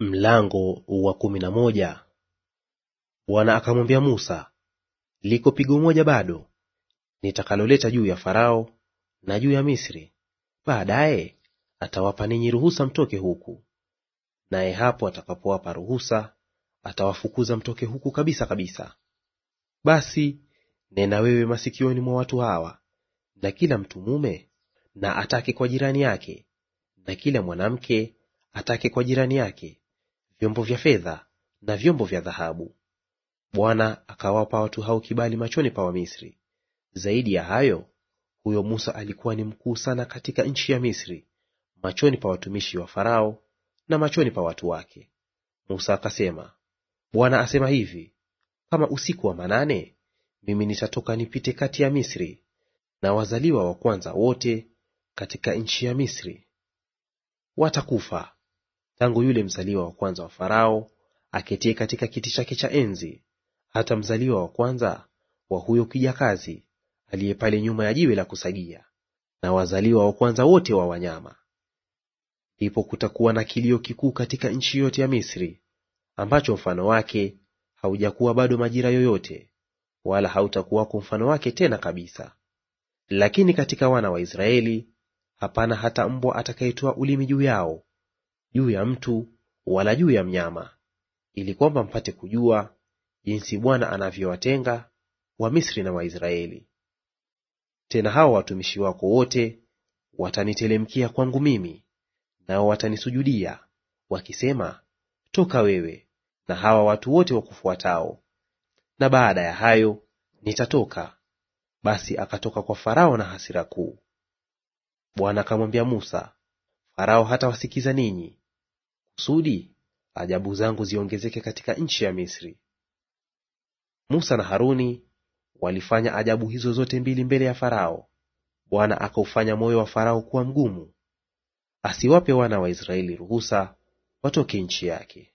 Mlango wa kumi na moja. Bwana akamwambia Musa, liko pigo moja bado nitakaloleta juu ya Farao na juu ya Misri, baadaye atawapa ninyi ruhusa mtoke huku, naye hapo atakapowapa ruhusa atawafukuza mtoke huku kabisa kabisa. Basi nena wewe masikioni mwa watu hawa, na kila mtu mume na atake kwa jirani yake, na kila mwanamke atake kwa jirani yake vyombo vya fedha na vyombo vya dhahabu. Bwana akawapa watu hao kibali machoni pa Wamisri. Zaidi ya hayo, huyo Musa alikuwa ni mkuu sana katika nchi ya Misri machoni pa watumishi wa Farao na machoni pa watu wake. Musa akasema, Bwana asema hivi, kama usiku wa manane mimi nitatoka nipite kati ya Misri na wazaliwa wa kwanza wote katika nchi ya Misri watakufa, tangu yule mzaliwa wa kwanza wa Farao aketie katika kiti chake cha enzi hata mzaliwa wa kwanza wa huyo kijakazi aliye pale nyuma ya jiwe la kusagia, na wazaliwa wa kwanza wote wa wanyama. Ndipo kutakuwa na kilio kikuu katika nchi yote ya Misri, ambacho mfano wake haujakuwa bado majira yoyote, wala hautakuwako mfano wake tena kabisa. Lakini katika wana wa Israeli hapana hata mbwa atakayetoa ulimi juu yao juu ya mtu wala juu ya mnyama, ili kwamba mpate kujua jinsi Bwana anavyowatenga Wamisri na Waisraeli. Tena hawa watumishi wako wote watanitelemkia kwangu mimi, nao watanisujudia wakisema, toka wewe na hawa watu wote wakufuatao, na baada ya hayo nitatoka. Basi akatoka kwa Farao na hasira kuu. Bwana akamwambia Musa, Farao hatawasikiza ninyi, kusudi ajabu zangu ziongezeke katika nchi ya Misri. Musa na Haruni walifanya ajabu hizo zote mbili mbele ya Farao. Bwana akaufanya moyo wa Farao kuwa mgumu, asiwape wana wa Israeli ruhusa watoke nchi yake.